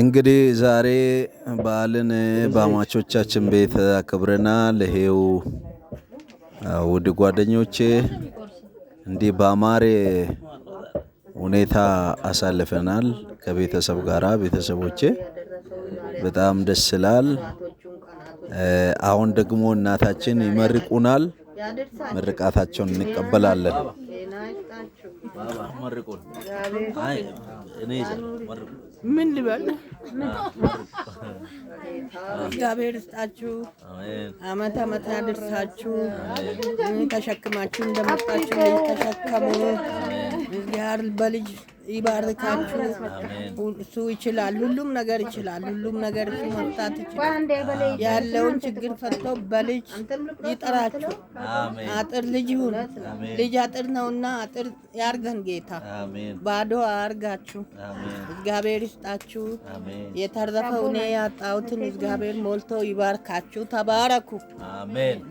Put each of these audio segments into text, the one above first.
እንግዲህ ዛሬ በዓልን በአማቾቻችን ቤት አክብረናል። ይሄው ውድ ጓደኞቼ እንዲህ ባማሬ ሁኔታ አሳልፈናል ከቤተሰብ ጋራ። ቤተሰቦቼ በጣም ደስ ይላል። አሁን ደግሞ እናታችን ይመርቁናል፣ ምርቃታቸውን እንቀበላለን። ምን ልበል? እግዚአብሔር ይስጣችሁ፣ አመት አመት ያድርሳችሁ። ተሸክማችሁ እንደመጣችሁ ተሸከሙ። እግዚአብሔር በልጅ ይባርካችሁ። እሱ ይችላል፣ ሁሉም ነገር ይችላል። ሁሉም ነገር እሱ መፍታት ይችላል። ያለውን ችግር ፈቶ በልጅ ይጠራችሁ። አጥር ልጅ ይሁን፣ ልጅ አጥር ነውና አጥር ያርገን ጌታ። ባዶ አርጋችሁ እግዚአብሔር ይስጣችሁ። የተረፈው እኔ ያጣሁትን እግዚአብሔር ሞልቶ ይባርካችሁ። ተባረኩ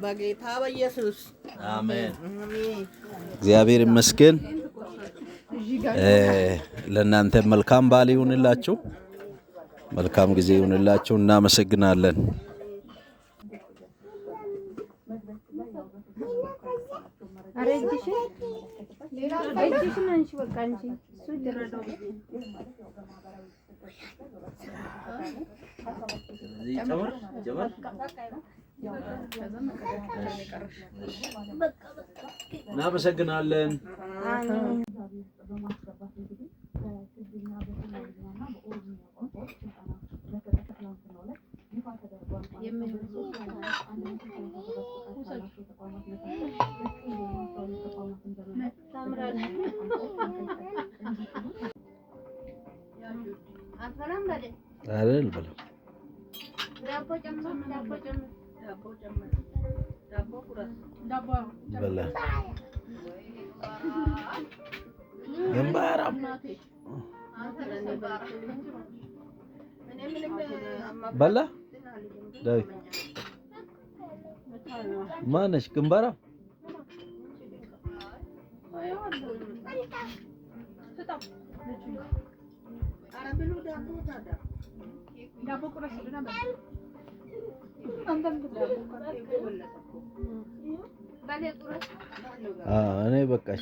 በጌታ በኢየሱስ አሜን። እግዚአብሔር ይመስገን። ለእናንተ መልካም በዓል ይሁንላችሁ፣ መልካም ጊዜ ይሁንላችሁ። እናመሰግናለን። እናመሰግናለን። ውስጥ በማስገባት እንግዲህ በትግርኛ በሶማሌኛ እና በኦሮምኛ ቋንቋዎች ስልጠና በትላንትናው ዕለት ይፋ ተደርጓል። ተቋማት ግንባር በላ ዳዊት ማነሽ? ግንባራ እኔ በቃሽ።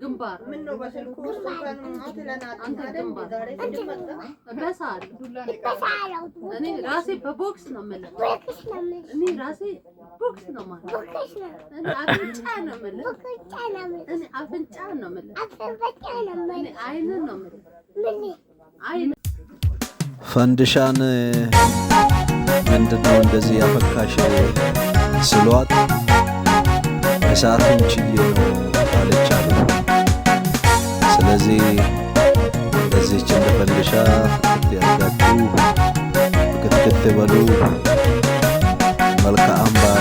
ግንባር ምን ነው በስልኩ ሱፋን እኔ ራሴ በቦክስ ነው እኔ ራሴ አፍንጫ ነው አይንን ነው ፈንድሻን እንደዚህ ያፈካሽ ስሏት ችዬ ነው ስለዚህ በዚህች እንደ ፈንድሻ ያጋችሁ ክትክት በሉ መልካም